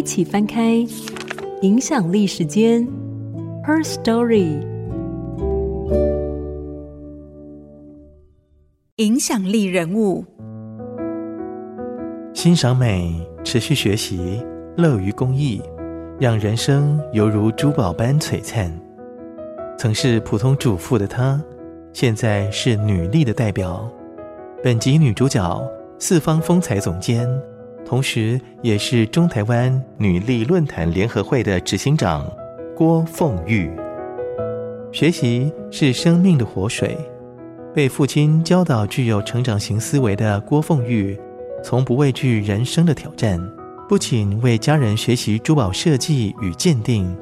一起翻開《影響力時間》Her Story，影響力人物，欣賞美，持續學習，樂於公益，讓人生猶如珠寶般璀璨。曾是普通主婦的她，現在是女力的代表。本集女主角，四方風采總監。同時，也是中台灣女力論壇聯合會的執行長郭鳳玉。學習是生命的活水，被父親教導具有成長型思維的郭鳳玉，從不畏懼人生的挑戰，不僅為家人學習珠寶設計與鑑定，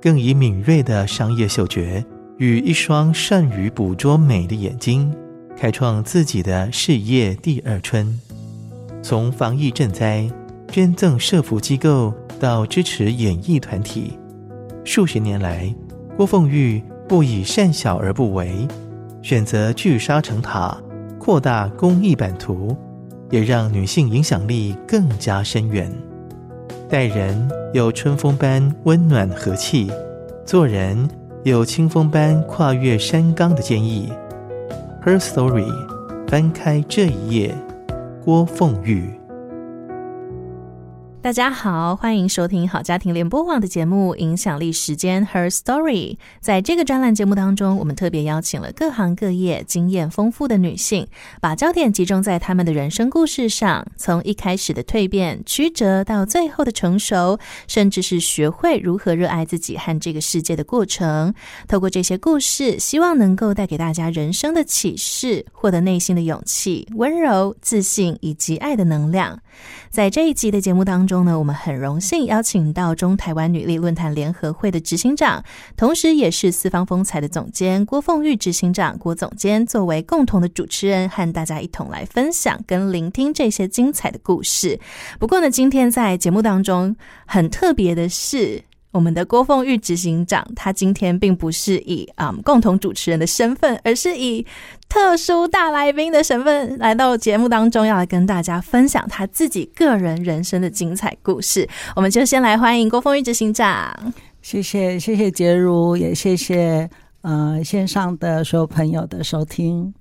更以敏銳的商業嗅覺與一雙善於捕捉美的眼睛，開創自己的事業第二春。從防疫賑災、捐贈社福機構到支持演藝團體，數十年來，郭鳳玉不以善小而不為，選擇聚沙成塔，擴大公益版圖，也讓女性影響力更加深遠。待人有春風般溫暖和氣，做人有清風般跨越山崗的堅毅。Her story，翻開這一頁。郭鳳玉。大家好，歡迎收聽好家庭聯播網的節目《影響力時間 Her Story》。在這個專欄節目當中，我們特別邀請了各行各業經驗豐富的女性，把焦點集中在她們的人生故事上，從一開始的蛻變、曲折，到最後的成熟，甚至是學會如何熱愛自己和這個世界的過程。透過這些故事，希望能夠帶給大家人生的啟示，獲得內心的勇氣、溫柔、自信以及愛的能量。在這一集的節目當中，中呢，我們很榮幸邀請到中台灣女力論壇聯合會的執行長，同時也是四方風采的總監郭鳳玉執行長、郭總監，作為共同的主持人，和大家一同來分享跟聆聽這些精彩的故事。不過呢，今天在節目當中很特別的是，我們的郭鳳玉執行長，他今天並不是以嗯共同主持人的身份，而是以特殊大來賓的身份來到節目當中，要來跟大家分享他自己個人人生的精彩故事。我們就先來歡迎郭鳳玉執行長。謝謝謝謝珏如，也謝謝 呃線上的所有朋友的收聽。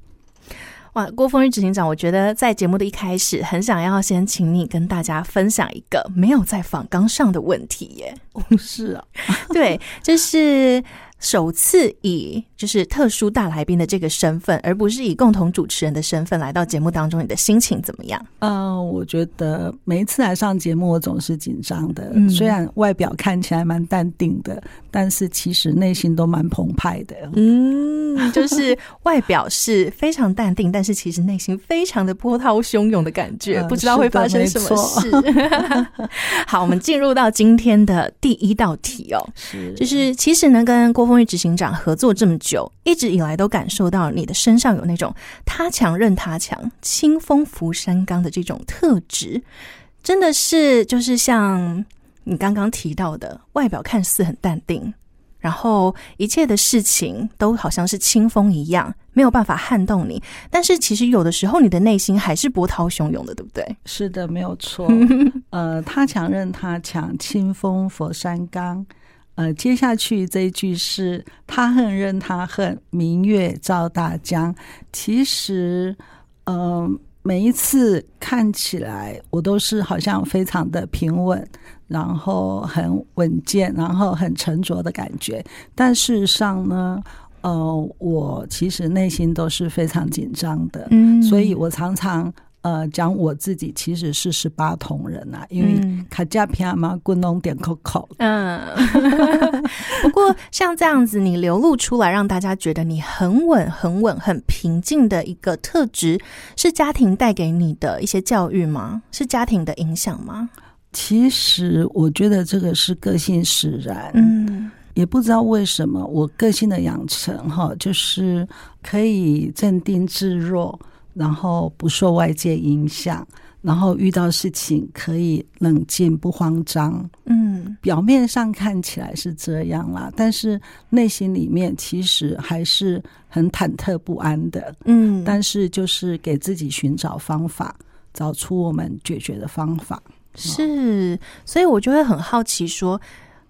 哇，郭鳳玉執行長，我覺得在節目的一開始，很想要先請你跟大家分享一個沒有在訪綱上的問題耶。不、哦、是啊， 對，就是。首次以就是特殊大來賓的這個身份，而不是以共同主持人的身份來到節目當中，你的心情怎麼樣？啊、嗯，我覺得每一次來上節目，我總是緊張的，雖然外表看起來蠻淡定的，嗯、但是其實內心都蠻澎湃的。嗯，就是外表是非常淡定， 但是其實內心非常的波濤洶湧的感覺，不知道會發生什麼事。嗯、 好，我們進入到今天的第一道題哦，是的就是其實呢跟郭鳳。鳳玉執行長合作這麼久，一直以來都感受到你的身上有那種“他強任他強，清風拂山崗”的這種特質，真的是就是像你剛剛提到的，外表看似很淡定，然後一切的事情都好像是清風一樣，沒有辦法撼動你。但是其實有的時候，你的內心還是波濤洶湧的，對不對？是的，沒有錯。呃，他強任他強，清風拂山崗。呃，接下去這一句是“他恨，任他恨，明月照大江”。其實，呃，每一次看起來我都是好像非常的平穩，然後很穩健，然後很沉着的感覺。但事實上呢，呃，我其實內心都是非常緊張的。嗯，所以我常常。呃，講我自己其實是十八銅人啊，因為卡加皮亞馬古農點 coco。嗯，不過像這樣子，你流露出來讓大家覺得你很穩、很穩、很平靜的一個特質，是家庭帶給你的一些教育嗎？是家庭的影響嗎？其實我覺得這個是個性使然。嗯，也不知道為什麼我個性的養成哈，就是可以鎮定自若。然後不受外界影響，然後遇到事情可以冷靜不慌張。嗯，表面上看起來是這樣啦，但是內心裡面其實還是很忐忑不安的。嗯，但是就是給自己尋找方法，找出我們解決的方法。是。哦，所以我就會很好奇說。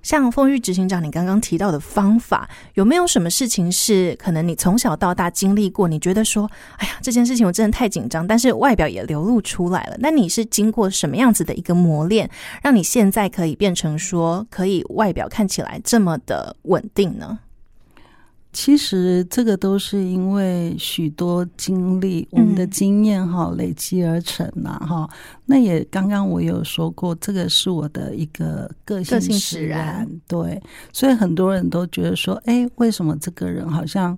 像風玉執行長，你剛剛提到的方法，有沒有什麼事情是可能你從小到大經歷過？你覺得說，哎呀，這件事情我真的太緊張，但是外表也流露出來了。那你是經過什麼樣子的一個磨練，讓你現在可以變成說，可以外表看起來這麼的穩定呢？其實這個都是因為許多經歷、嗯、我們的經驗哈累積而成吶、啊、哈。那也剛剛我有說過，這個是我的一個個性使然，使然，對。所以很多人都覺得說，哎，為什麼這個人好像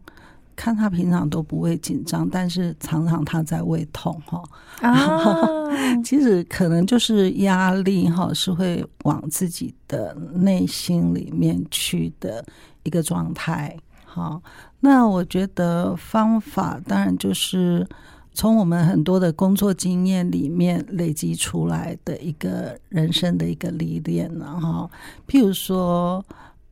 看他平常都不會緊張，但是常常他在胃痛哈？啊、嗯，其實可能就是壓力哈是會往自己的內心裡面去的一個狀態。好，那我覺得方法當然就是從我們很多的工作經驗裡面累積出來的一個人生的一個歷練，然後譬如說，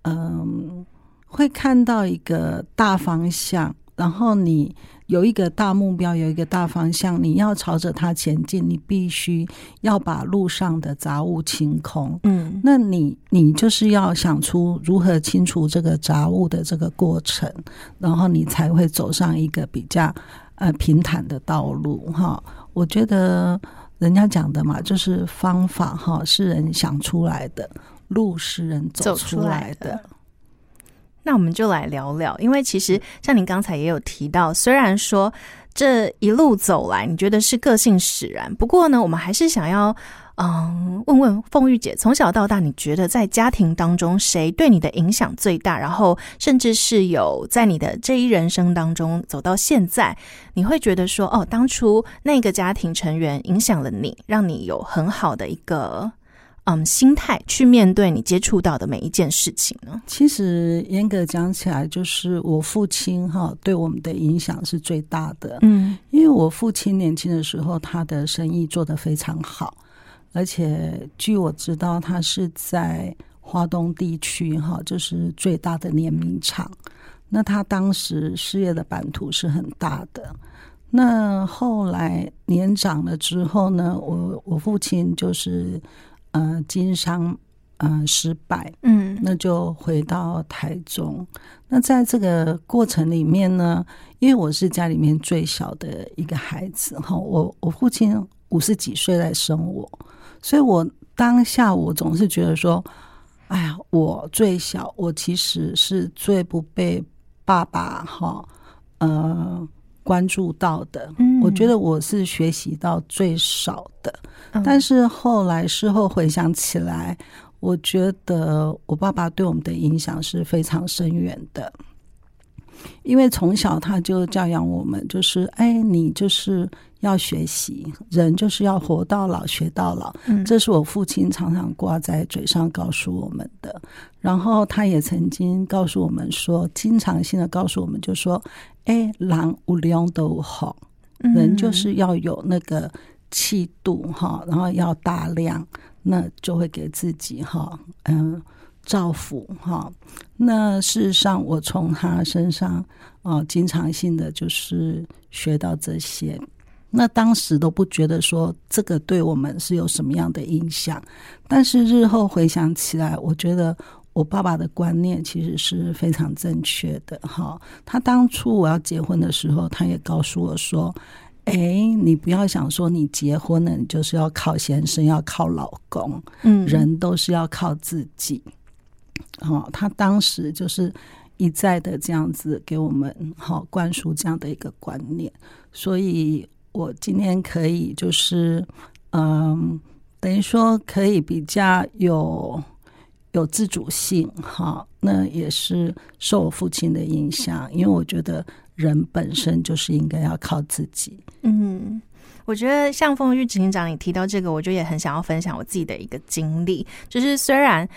嗯，會看到一個大方向，然後你。有一個大目標，有一個大方向，你要朝着它前進，你必須要把路上的雜物清空。嗯，那你你就是要想出如何清除這個雜物的這個過程，然後你才會走上一個比較，呃，平坦的道路。哈，我覺得人家講的嘛，就是方法，哈，是人想出來的，路是人走出來的。那我們就來聊聊，因為其實像您剛才也有提到，雖然說這一路走來，你覺得是個性使然，不過呢，我們還是想要嗯問問鳳玉姐，從小到大，你覺得在家庭當中誰對你的影響最大？然後，甚至是有在你的這一人生當中走到現在，你會覺得說，哦，當初那個家庭成員影響了你，讓你有很好的一個。嗯，心態去面對你接觸到的每一件事情呢？其實嚴格講起來，就是我父親哈對我們的影響是最大的。嗯，因為我父親年輕的時候，他的生意做得非常好，而且據我知道，他是在華東地區哈，就是最大的聯名廠。那他當時事業的版圖是很大的。那後來年長了之後呢，我我父親就是。呃，經商呃失敗，嗯，那就回到台中。那在這個過程裡面呢，因為我是家裡面最小的一個孩子哈，我我父親五十幾歲來生我，所以我當下我總是覺得說，哎呀，我最小，我其實是最不被爸爸哈，呃。關注到的，嗯，我覺得我是學習到最少的，嗯，但是後來事後回想起來，我覺得我爸爸對我們的影響是非常深遠的。因為從小他就教養我們，就是哎，你就是要學習，人就是要活到老學到老，嗯，這是我父親常常掛在嘴上告訴我們的。然後他也曾經告訴我們說，經常性的告訴我們，就說，哎，人有量都好，人就是要有那個氣度哈，然後要大量，那就會給自己哈，嗯。造福哈，那事實上，我從他身上啊、哦，經常性的就是學到這些。那當時都不覺得說這個對我們是有什麼樣的影響，但是日後回想起來，我覺得我爸爸的觀念其實是非常正確的哈。他當初我要結婚的時候，他也告訴我說：“哎，你不要想說你結婚了，你就是要靠先生，要靠老公，嗯，人都是要靠自己。”嗯。好、哦，他當時就是一再的這樣子給我們好、哦、灌輸這樣的一個觀念，所以我今天可以就是嗯，等於說可以比較有有自主性。好、哦，那也是受我父親的影響，因為我覺得人本身就是應該要靠自己。嗯，我覺得像鳳玉執行長，你提到這個，我就也很想要分享我自己的一個經歷，就是雖然。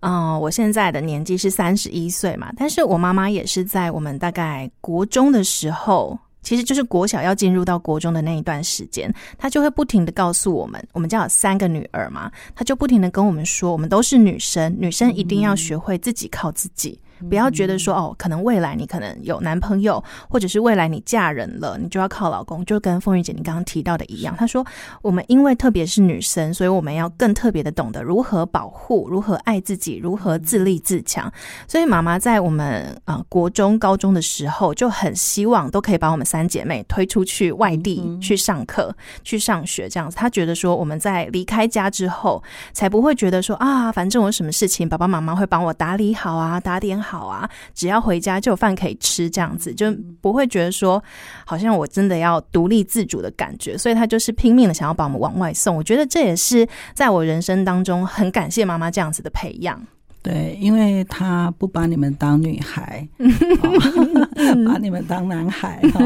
嗯，我現在的年紀是三十一歲嘛，但是我媽媽也是在我們大概國中的時候，其實就是國小要進入到國中的那一段時間，她就會不停的告訴我們，我們家有三個女兒嘛，她就不停的跟我們說，我們都是女生，女生一定要學會自己靠自己。嗯。不要覺得說哦，可能未來你可能有男朋友，或者是未來你嫁人了，你就要靠老公，就跟鳳玉姐你剛剛提到的一樣。是她說，我們因為特別是女生，所以我們要更特別的懂得如何保護、如何愛自己、如何自立自強。嗯、所以媽媽在我們啊、呃、國中、高中的時候，就很希望都可以把我們三姐妹推出去外地去上課、嗯、去上學，這樣子。她覺得說，我們在離開家之後，才不會覺得說啊，反正我有什麼事情爸爸媽媽會幫我打理好啊，打點好、啊。好啊，只要回家就有飯可以吃，這樣子就不會覺得說好像我真的要獨立自主的感覺，所以他就是拼命的想要把我們往外送。我覺得這也是在我人生當中很感謝媽媽這樣子的培養。對，因為他不把你們當女孩， 哦、把你們當男孩，哦、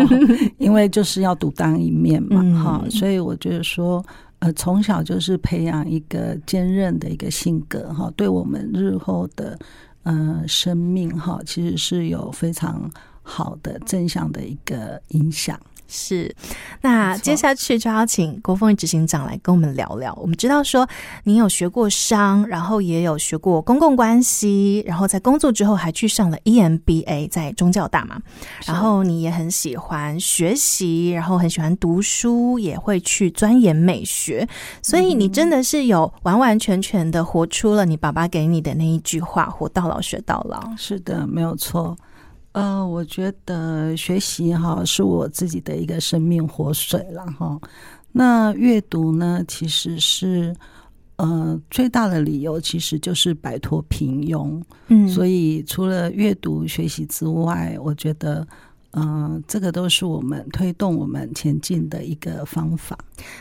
因為就是要獨當一面嘛。哈， 所以我覺得說，呃，從小就是培養一個堅韌的一個性格哈、哦，對我們日後的。嗯、呃，生命齁，其實是有非常好的正向的一個影響。是，那接下去就邀請郭鳳執行長來跟我們聊聊。沒錯。我們知道說，你有學過商，然後也有學過公共關係，然後在工作之後還去上了 EMBA，在中教大嘛。然後你也很喜歡學習，然後很喜歡讀書，也會去鑽研美學。所以你真的是有完完全全的活出了你爸爸給你的那一句話：活到老學到老。是的，沒有錯。呃，我覺得學習哈是我自己的一個生命活水了哈。那閱讀呢，其實是呃最大的理由，其實就是擺脫平庸。嗯，所以除了閱讀、學習之外，我覺得嗯、呃，這個都是我們推動我們前進的一個方法。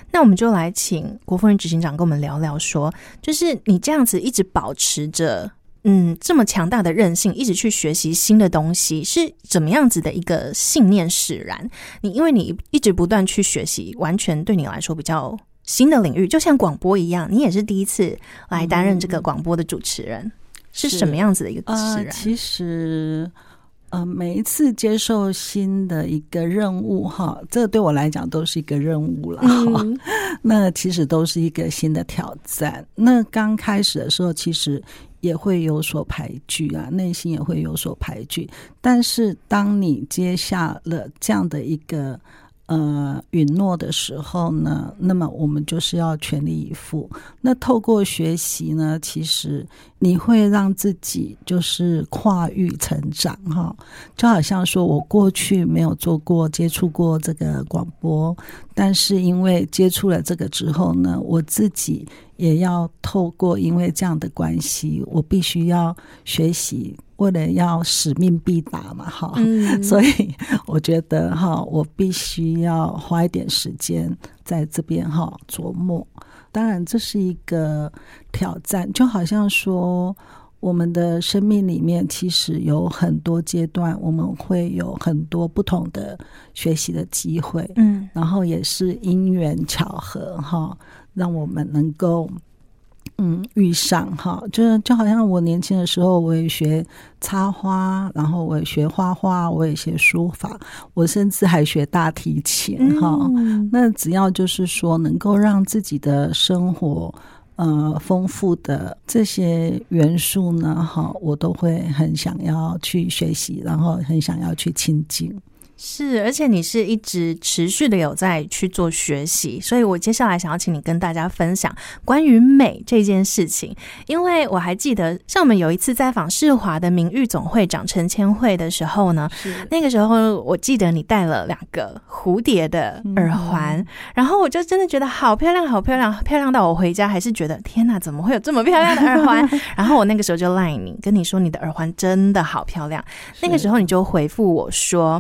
那我們就來請郭鳳玉執行長跟我們聊聊說，說就是你這樣子一直保持着。嗯，這麼強大的韌性，一直去學習新的東西，是怎麼樣子的一個信念使然？你因為你一直不斷去學習，完全對你來說比較新的領域，就像廣播一樣，你也是第一次來擔任這個廣播的主持人，嗯、是什麼樣子的一個使然？呃，其實，呃，每一次接受新的一個任務，哈，這對我來講都是一個任務了，嗯、哈。那其實都是一個新的挑戰。那剛開始的時候，其實。也會有所排拒啊，內心也會有所排拒。但是，當你接下了這樣的一個呃允諾的時候呢，那麼我們就是要全力以赴。那透過學習呢，其實你會讓自己就是跨域成長哈、哦。就好像說我過去沒有做過、接觸過這個廣播。但是因為接觸了這個之後呢，我自己也要透過因為這樣的關係，我必須要學習，為了要使命必達嘛，哈、嗯，所以我覺得哈，我必須要花一點時間在這邊哈琢磨。當然這是一個挑戰，就好像說。我們的生命裡面其實有很多階段，我們會有很多不同的學習的機會，嗯，然後也是因緣巧合哈、哦，讓我們能夠嗯遇上哈、哦，就就好像我年輕的時候，我也學插花，然後我也學畫畫，我也學書法，我甚至還學大提琴哈、嗯哦。那只要就是說能夠讓自己的生活。呃，豐富的這些元素呢，哈，我都會很想要去學習，然後很想要去親近。是，而且你是一直持續的有在去做學習，所以我接下來想要請你跟大家分享關於美這件事情，因為我還記得，像我們有一次在訪世華的名譽總會長陳千惠的時候呢，是那個時候我記得你戴了兩個蝴蝶的耳環，嗯、然後我就真的覺得好漂亮，好漂亮，漂亮到我回家還是覺得天哪，怎麼會有這麼漂亮的耳環？ 然後我那個時候就賴你，跟你說你的耳環真的好漂亮，那個時候你就回復我說。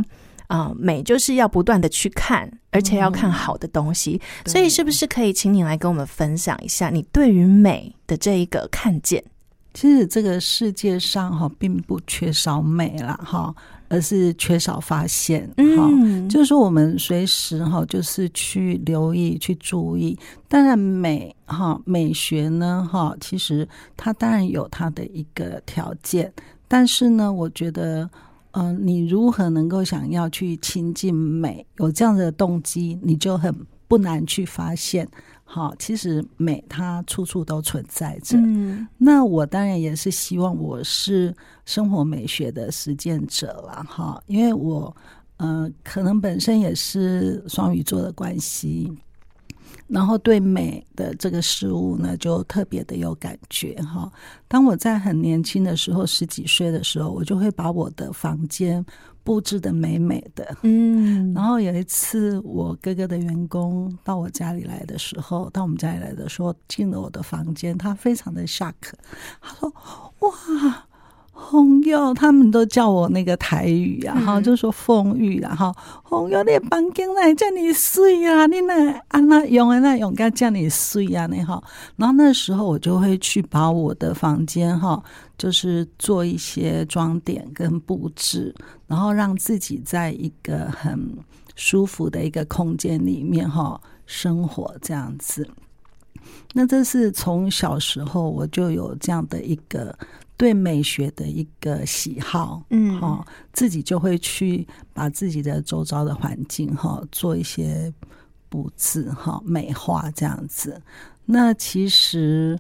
啊、呃，美就是要不斷的去看，而且要看好的東西。嗯、所以，是不是可以請你來跟我們分享一下你對於美的這一個看見？其實這個世界上哈、哦，並不缺少美啦哈、哦，而是缺少發現。嗯、哦，就是我們隨時哈、哦，就是去留意、去注意。當然美，美、哦、哈美學呢哈、哦，其實它當然有它的一個條件，但是呢，我覺得。嗯、呃，你如何能夠想要去親近美？有這樣子的動機，你就很不難去發現。好，其實美它處處都存在着。嗯，那我當然也是希望我是生活美學的實踐者啦。哈，因為我嗯、呃，可能本身也是雙魚座的關係。然後對美的這個事物呢，就特別的有感覺哈。當我在很年輕的時候，十幾歲的時候，我就會把我的房間布置的美美的。嗯，然後有一次我哥哥的員工到我家裡來的時候，到我們家裡來的時候，進了我的房間，他非常的 shock，他說哇。朋友他們都叫我那個台語、啊，然後、嗯、就說鳳玉，然後朋友你房間來叫你睡啊，你來啊，那永啊那永哥叫你睡啊，你哈，然後那時候我就會去把我的房間哈，就是做一些裝點跟布置，然後讓自己在一個很舒服的一個空間裡面哈生活這樣子。那這是從小時候我就有這樣的一個。對美學的一個喜好，嗯，哈、哦，自己就會去把自己的周遭的環境，哈、哦，做一些布置，哈、哦，美化這樣子。那其實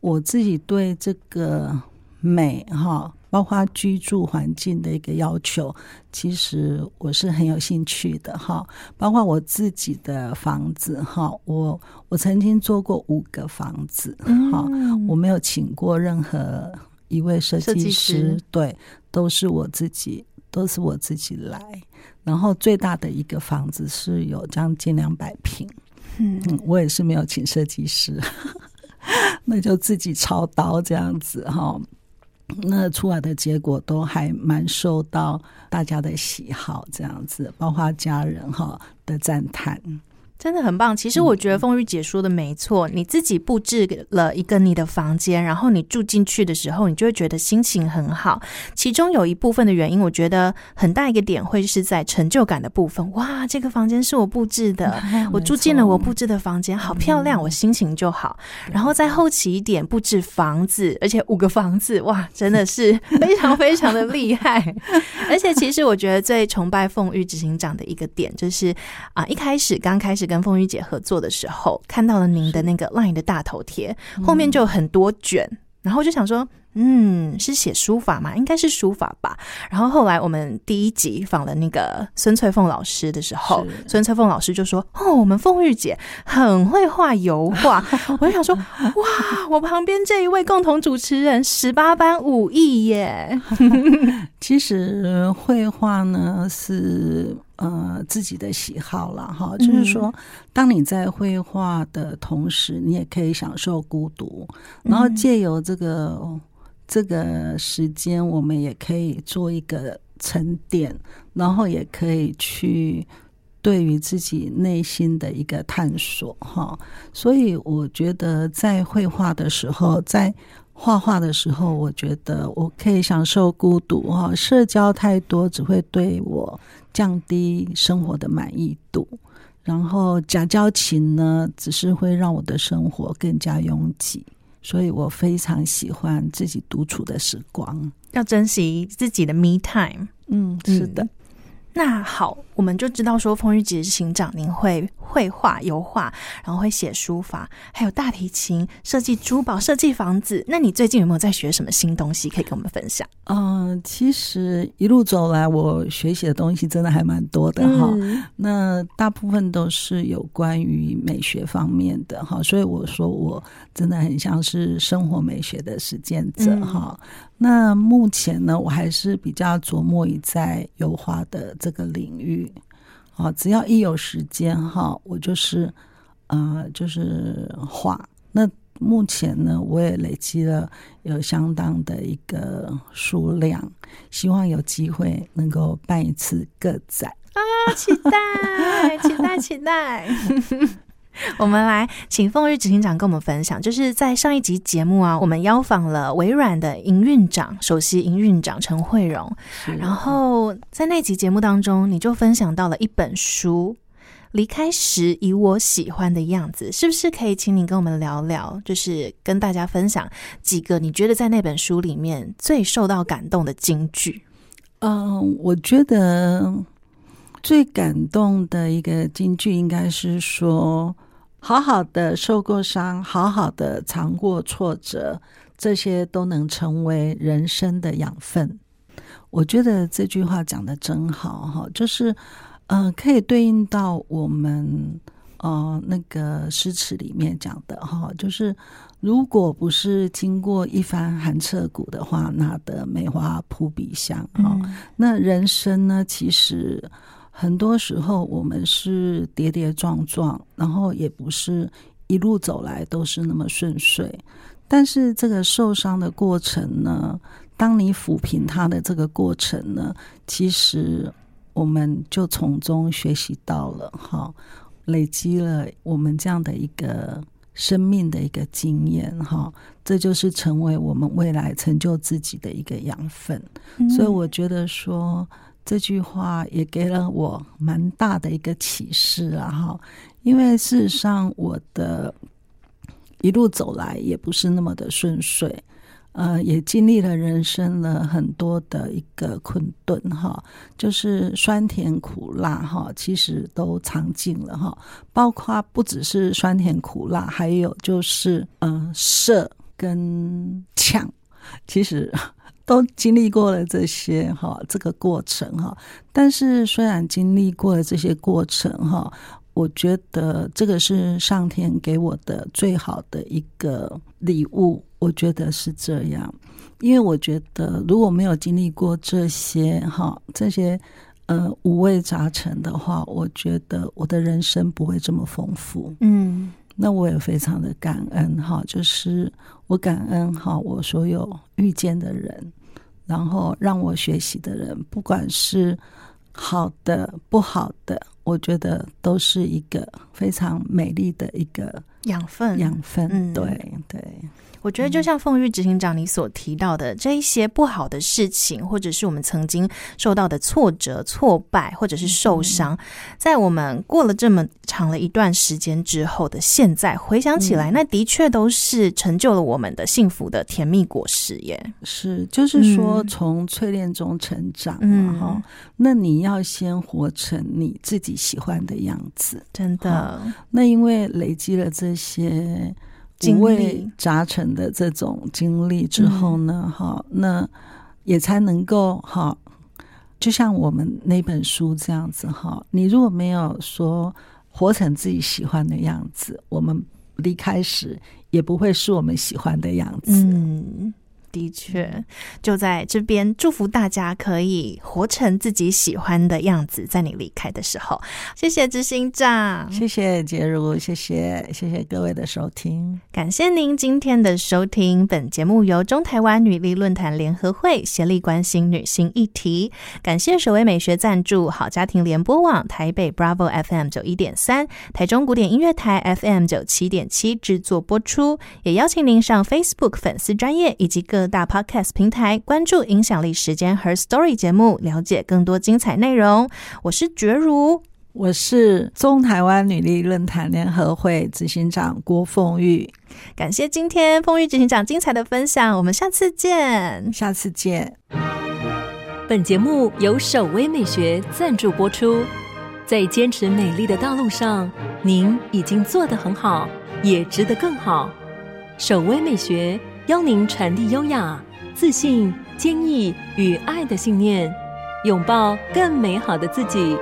我自己對這個美，哈、哦，包括居住環境的一個要求，其實我是很有興趣的，哈、哦。包括我自己的房子，哈、哦，我我曾經做過五個房子，哈、嗯哦，我沒有請過任何。一位設計師，計師，對，都是我自己，都是我自己來。然後最大的一個房子是有將近兩百平，嗯，嗯，我也是沒有請設計師， 那就自己操刀這樣子哈、哦。那出來的結果都還蠻受到大家的喜好，這樣子，包括家人哈、哦、的讚嘆。真的很棒。其實我覺得鳳玉姐說的沒錯，嗯、你自己布置了一個你的房間，然後你住進去的時候，你就會覺得心情很好。其中有一部分的原因，我覺得很大一個點會是在成就感的部分。哇，這個房間是我布置的，哎、我住進了我布置的房間，沒錯。好漂亮，嗯、我心情就好。然後在後期一點布置房子，而且五個房子，哇，真的是非常非常的厲害。 而且其實我覺得最崇拜鳳玉執行長的一個點就是啊，一開始剛，剛開始跟跟鳳玉姐合作的時候，看到了您的那個 LINE 的大頭貼，後面就很多卷，嗯、然後就想說。嗯，是寫書法嘛？應該是書法吧。然後後來我們第一集訪了那個孫翠鳳老師的時候，孫是翠鳳老師就說：“哦，我們鳳玉姐很會畫油畫。” 我就想說：“哇，我旁邊這一位共同主持人十八般武藝耶！” 其實繪畫呢是呃自己的喜好了哈，就是說，嗯、當你在繪畫的同時，你也可以享受孤獨，然後借由這個。嗯這個時間，我們也可以做一個沉澱，然後也可以去對於自己內心的一個探索哈。所以，我覺得在繪畫的時候，在畫畫的時候，我覺得我可以享受孤獨哈。社交太多，只會對我降低生活的滿意度。然後，假交情呢，只是會讓我的生活更加擁擠。所以我非常喜歡自己獨處的時光，要珍惜自己的 me time。嗯，嗯是的。那好，我們就知道說，鳳玉姐是執行長，您會。繪畫、油畫，然後會寫書法，還有大提琴、設計珠寶、設計房子。那你最近有沒有在學什麼新東西，可以跟我們分享？嗯、呃，其實一路走來，我學習的東西真的還蠻多的哈。嗯、那大部分都是有關於美學方面的哈，所以我說我真的很像是生活美學的實踐者哈。嗯、那目前呢，我還是比較琢磨於在油畫的這個領域。只要一有時間，我就是，呃，就是畫。那目前呢，我也累積了有相當的一個數量，希望有機會能夠辦一次個展啊，期待， 期待，期待，期待。 我們來請鳳玉執行長跟我們分享，就是在上一集節目啊，我們邀訪了微軟的營運長、首席營運長陳慧榮。的然後在那集節目當中，你就分享到了一本書《離開時以我喜歡的樣子》，是不是可以請你跟我們聊聊，就是跟大家分享幾個你覺得在那本書裡面最受到感動的金句？嗯、呃，我覺得最感動的一個金句應該是說。好好的受過傷，好好的嘗過挫折，這些都能成為人生的養分。我覺得這句話講得真好哈，就是嗯、呃，可以對應到我們、呃、那個詩詞裡面講的哈，就是如果不是經過一番寒徹骨的話，哪得梅花撲鼻香、嗯哦、那人生呢，其實。很多時候，我們是跌跌撞撞，然後也不是一路走來都是那麼順遂。但是，這個受傷的過程呢，當你撫平它的這個過程呢，其實我們就從中學習到了哈，累積了我們這樣的一個生命的一個經驗哈，這就是成為我們未來成就自己的一個養分。嗯。所以，我覺得說。這句話也給了我蠻大的一個啟示啊！哈，因為事實上我的一路走來也不是那麼的順遂，呃，也經歷了人生了很多的一個困頓，哈，就是酸甜苦辣，哈，其實都嘗盡了，哈，包括不只是酸甜苦辣，還有就是，嗯、呃，捨跟搶，其實。都經歷過了這些哈，這個過程哈。但是雖然經歷過了這些過程哈，我覺得這個是上天給我的最好的一個禮物，我覺得是這樣。因為我覺得如果沒有經歷過這些哈，這些呃，五味雜陳的話，我覺得我的人生不會這麼豐富。嗯。那我也非常的感恩哈，就是我感恩哈，我所有遇見的人，然後讓我學習的人，不管是好的不好的，我覺得都是一個非常美麗的一個養分。養分，對對。嗯對我覺得，就像鳳玉執行長你所提到的，這一些不好的事情，或者是我們曾經受到的挫折、挫敗，或者是受傷，在我們過了這麼長了一段時間之後的現在回想起來，那的確都是成就了我們的幸福的甜蜜果實耶。是，就是說從淬煉中成長啊，然後，嗯，那你要先活成你自己喜歡的樣子，真的。那因為累積了這些。五味雜陳的這種經歷之後呢，哈、嗯，那也才能夠哈，就像我們那本書這樣子哈，你如果沒有說活成自己喜歡的樣子，我們離開時也不會是我們喜歡的樣子。嗯。的確，就在這邊祝福大家可以活成自己喜歡的樣子。在你離開的時候，謝謝執行長謝謝，謝謝珏如，謝謝謝謝各位的收聽，感謝您今天的收聽。本節目由中台灣女力論壇聯合會協力關心女性議題，感謝守葳美學贊助，好家庭聯播網台北 Bravo FM 九一點三，台中古典音樂台 FM 九七點七製作播出，也邀請您上 Facebook 粉絲專頁以及各。各大 podcast 平台，關注影響力時間 Her Story 節目，了解更多精彩內容。我是珏如，我是中台灣女力論壇聯合會執行長郭鳳玉。感謝今天鳳玉執行長精彩的分享，我們下次見，下次見。本節目由守葳美學贊助播出，在堅持美麗的道路上，您已經做得很好，也值得更好。守葳美學。邀您傳遞優雅、自信、堅毅與愛的信念，擁抱更美好的自己。